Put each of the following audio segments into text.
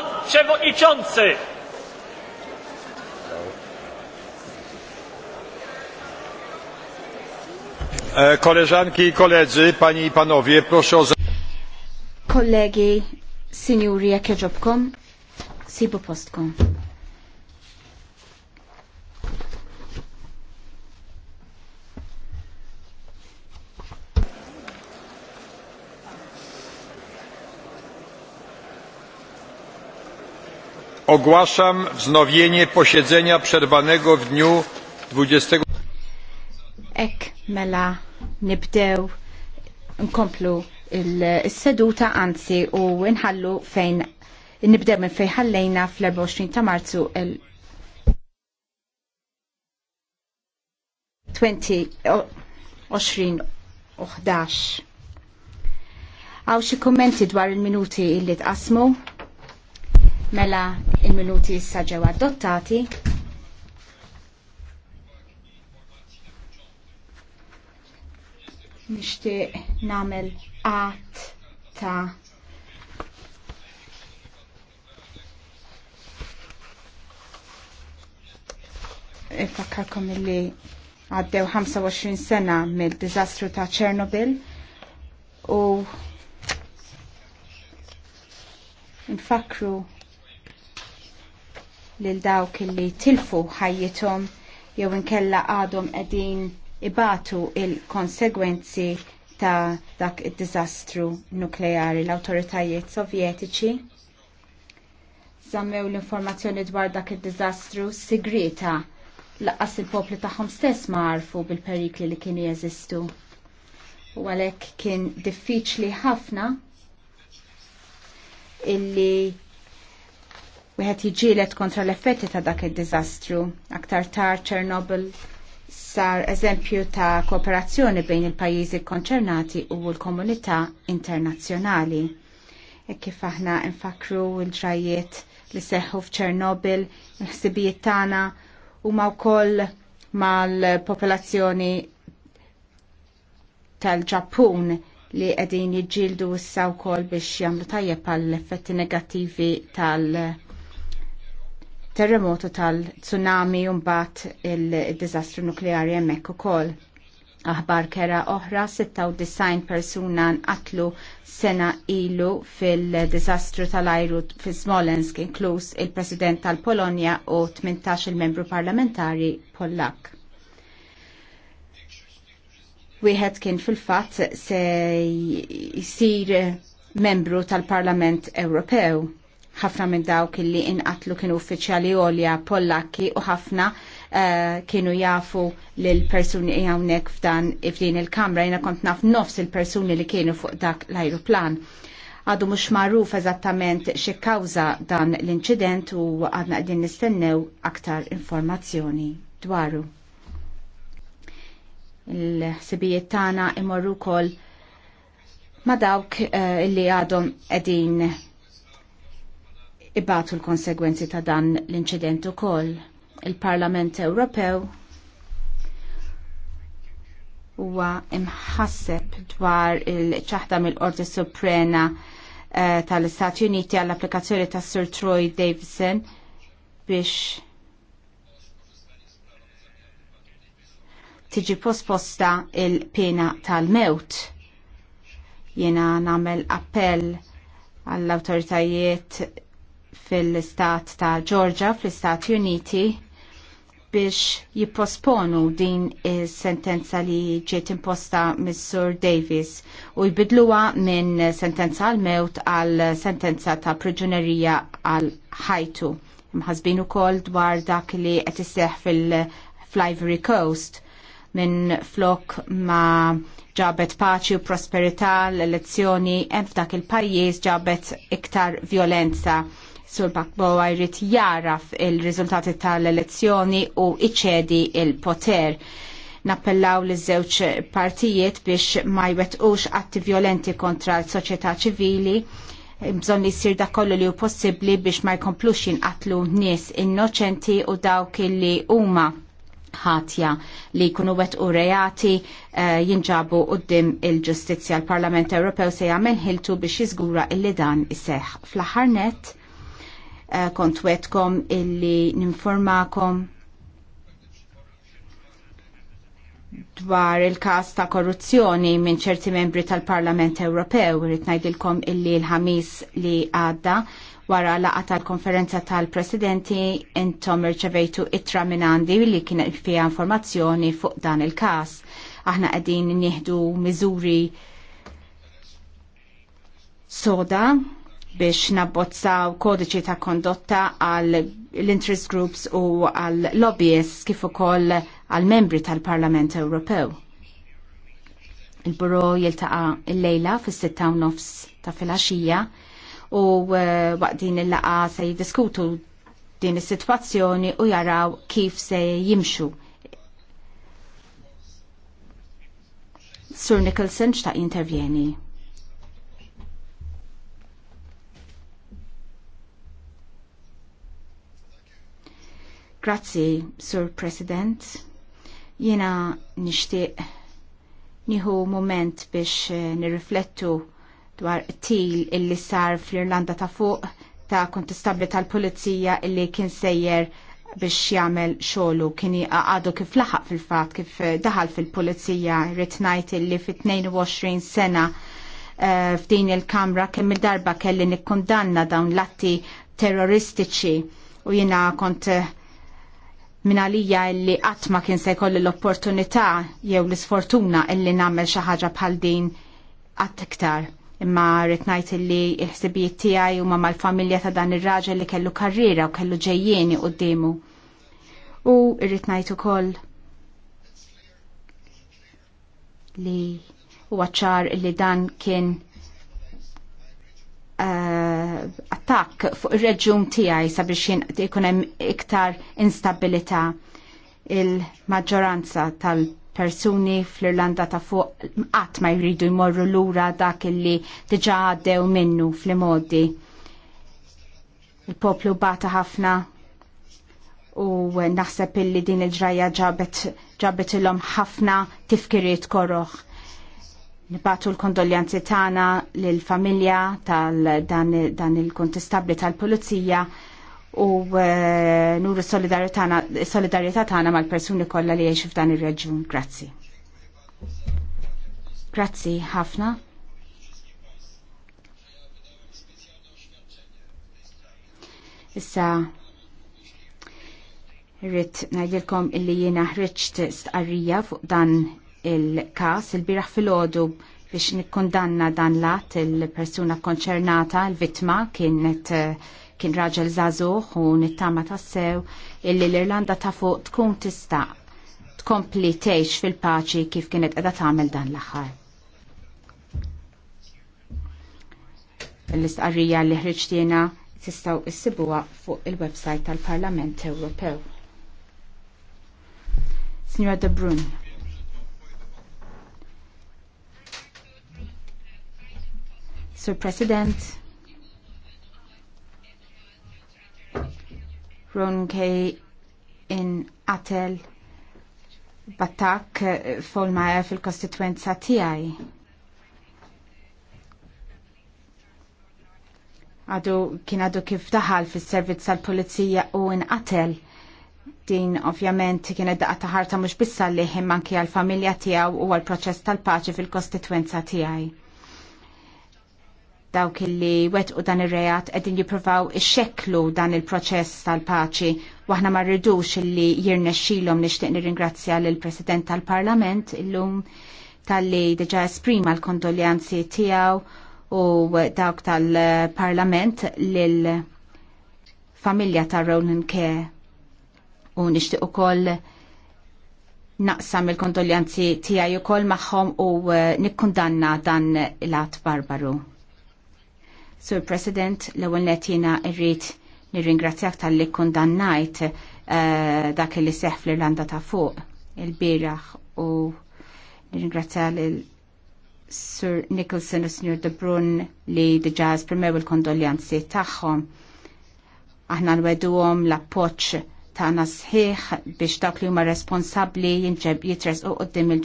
Pan Przewodniczący! E, koleżanki i koledzy, panie i panowie, proszę o... Kolegi, seniori, jakie ġobkom? Sibu postkom. Ogłaszam wznowienie posiedzenia przerwanego w dniu 20. Ek mela nibdew nkomplu il-seduta anzi u nħallu fejn nibdew minn fejn ħallejna fl-24 ta' Marzu il 20 11. Għaw xie kommenti dwar il-minuti illi tqasmu? Mela il-minuti issa ġew adottati. Nixtieq nagħmel għat ta' Ifakkarkom illi għaddew 25 sena mill-diżastru ta' Chernobyl u nfakru lil dawk li tilfu ħajjithom jew inkella għadhom qegħdin ibatu il-konsegwenzi ta' dak id-diżastru nukleari l-awtoritajiet sovjetiċi zammew l-informazzjoni dwar dak id-diżastru sigrita laqqas il-popli tagħhom stess ma għarfu bil-perikli li kienu jeżistu. U għalhekk kien diffiċli ħafna illi wieħed jiġielet kontra l-effetti ta' dak id-diżastru. Aktar tard Chernobyl sar eżempju ta' kooperazzjoni bejn il-pajjiżi konċernati u l-komunità internazzjonali. E kif aħna nfakru l-ġrajiet li seħħu f'Ċernobil, il-ħsibijiet tagħna huma wkoll mal-popolazzjoni tal-Ġappun li qegħdin jiġġieldu issa wkoll biex jagħmlu tajjeb għall effetti negattivi tal- terremotu tal-tsunami u mbagħad il-diżastru nukleari hemmhekk ukoll. Aħbar kera oħra 96 persuna nqatlu sena ilu fil-diżastru tal-ajru fi Smolensk inkluż il-President tal-Polonja u 18 il-membru parlamentari Pollak. Wieħed kien fil-fatt se jsir membru tal-Parlament Ewropew ħafna minn dawk li inqatlu kienu uffiċjali olja pollakki u ħafna uh, kienu jafu l persuni hawnhekk f'dan f'din il-kamra jiena kont naf nofs il-persuni li kienu fuq dak l-ajruplan. Għadu mhux magħruf eżattament xi kawża dan l-inċident u għadna qegħdin nistennew aktar informazzjoni dwaru. il sibijiet tagħna imorru wkoll ma dawk uh, eh, li għadhom qegħdin ibatu l-konsegwenzi ta' dan l-inċident ukoll. Il-Parlament Ewropew huwa imħasseb dwar il-ċaħda mill-Qorti Suprema eh, tal-Istati Uniti għall-applikazzjoni ta' Sir Troy Davison biex tiġi posposta il-pena tal-mewt. Jena namel appell għall-autoritajiet fil-istat ta' Georgia fl-Istati Uniti biex jipposponu din is-sentenza li ġiet imposta mis-Sur Davis u jbidluha minn sentenza għal mewt għal sentenza ta' priġunerija għal ħajtu. Mħazbin ukoll dwar dak li qed isseħ fil-Ivory Coast minn flok ma ġabet paċi u prosperità l-elezzjoni hemm f'dak il-pajjiż ġabet iktar violenza Sul Bakboa jrid jaraf il-riżultati tal-elezzjoni u iċedi il-poter. Nappellaw l żewġ partijiet biex ma jwettqux atti violenti kontra l-soċjetà ċivili bżon li jisir kollu li u possibli biex ma jkomplux jinqatlu nies innoċenti u dawk li huma ħatja li jkunu wet u rejati uh, eh, jinġabu qoddim il-ġustizja. L-Parlament Ewropew se jagħmel ħiltu biex jiżgura illi dan iseħħ. Fl-aħħar Eh, kontwetkom illi ninformakom dwar il-kas ta' korruzzjoni minn ċerti membri tal-Parlament Ewropew, irrid ngħidilkom illi l-ħamis li għadda wara laqa tal-konferenza tal-presidenti intom irċevejtu ittra minn għandi li kien fija informazzjoni fuq dan il-kas. Aħna qegħdin nieħdu miżuri soda biex nabbozzaw kodiċi ta' kondotta għal l-interest groups u għal lobbyists kif ukoll għal membri tal-Parlament Ewropew. Il-buro jiltaqa il-lejla fis-sitta nofs ta' filgħaxija u eh, waqt din il-laqa se jiddiskutu din is-sitwazzjoni u jaraw kif se jimxu. Sur Nicholson xta' intervjeni. Grazzi, Sur President. Jena nishtiq nieħu moment biex eh, nirriflettu dwar til illi sar fl-Irlanda ta' fuq ta' kontestabli tal-Pulizija illi kien sejjer biex jagħmel xogħlu kien għadu kif laħaq fil-fatt kif eh, daħal fil-Pulizija rrid ngħid illi fit-22 sena eh, f'din il-Kamra kemm il-darba kelli nikkondanna dawn l-atti terroristiċi u jiena kont uh, minn għalija illi għatma kien se jkolli l-opportunità jew l-sfortuna illi namel xaħġa bħal din għat iktar. Imma rrit illi il ħsibijiet tiegħi huma mal-familja ta' dan ir-raġel li kellu karriera u kellu ġejjieni qudiemu. U rritnajt ngħid ukoll li huwa ċar li dan kien attakk fuq ir-reġjun tiegħi sabiex ikun hemm iktar instabilità il-maġġoranza tal-persuni fl-Irlanda ta' fuq qatt ma jridu jmorru lura dak illi diġà għaddew minnu fl-modi. Il-poplu bata ħafna u naħseb illi din il ġraja ġabet ġabet il-lom ħafna tifkiriet korroħ Nibbatu l-kondoljanzi tagħna lill-familja tal-dan il-kontestabli tal-pulizija u eh, nuru solidarjetà tagħna mal-persuni kollha li jgħixu f'dan ir-reġjun. Grazzi. Grazzi ħafna. Issa rrit ngħidilkom illi jiena ħriġt stqarrija fuq dan il-kas il-biraħ fil-ħodu biex nikkondanna dan lat il-persuna konċernata, il-vitma kienet eh, kien raġel zazuħ u nittama tassew illi l-Irlanda ta' fuq tkun tista' tkompli tgħix fil-paċi kif kienet qiegħda tagħmel dan l-aħħar. L-istqarrija li ħriġtina tistgħu issibuha fuq il-website tal-Parlament Ewropew. Signora De Bruyne. Sur President, Ron in Atel Batak eh, folmaja fil-kostituenza tijaj. Għadu kien għadu kif daħal fis servizz tal pulizija u Atel Din ovvjament kienet daqqa taħarta mhux bissa liħim anki għall familja tiegħu u għall proċess tal-paċi fil-kostituenza tiegħi dawk illi u dan ir-reat qegħdin jippruvaw ixxekklu dan il-proċess tal-paċi waħna ma rridux illi jirnexxilhom nixtieq nirringrazzja lill President tal-Parlament illum tal-li diġà esprima l-kondoljanzi tiegħu u dawk tal-Parlament lil familja ta' Ronan Ke u nixtieq ukoll naqsam il-kondoljanzi tiegħi ukoll magħhom u nikkundanna dan l-att barbaru. Sur President, l-ewwel net jiena rrid nirringrazzjak tal-li kondannajt uh, eh, dak li seħf fl-Irlanda ta' fuq il-biraħ u nirringrazzja l Sir Nicholson u Sr. De Brun li diġa primew il-kondoljanzi tagħhom. Aħna għom l poċ tagħna nasħiħ biex dak li huma responsabbli jinġeb jitresqu qoddim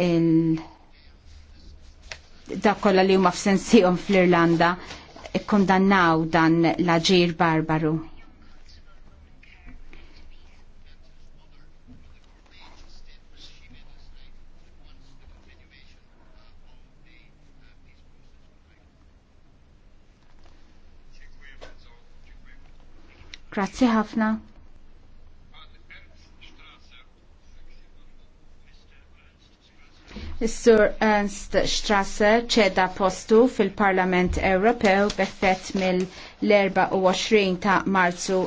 il dak kollha li huma f'sensihom fl-Irlanda ikkondannaw dan l-aġir barbaru. Grazie, Hafner. sur Ernst Strasser ċeda postu fil-Parlament Ewropew b'effett mill-24 ta' Marzu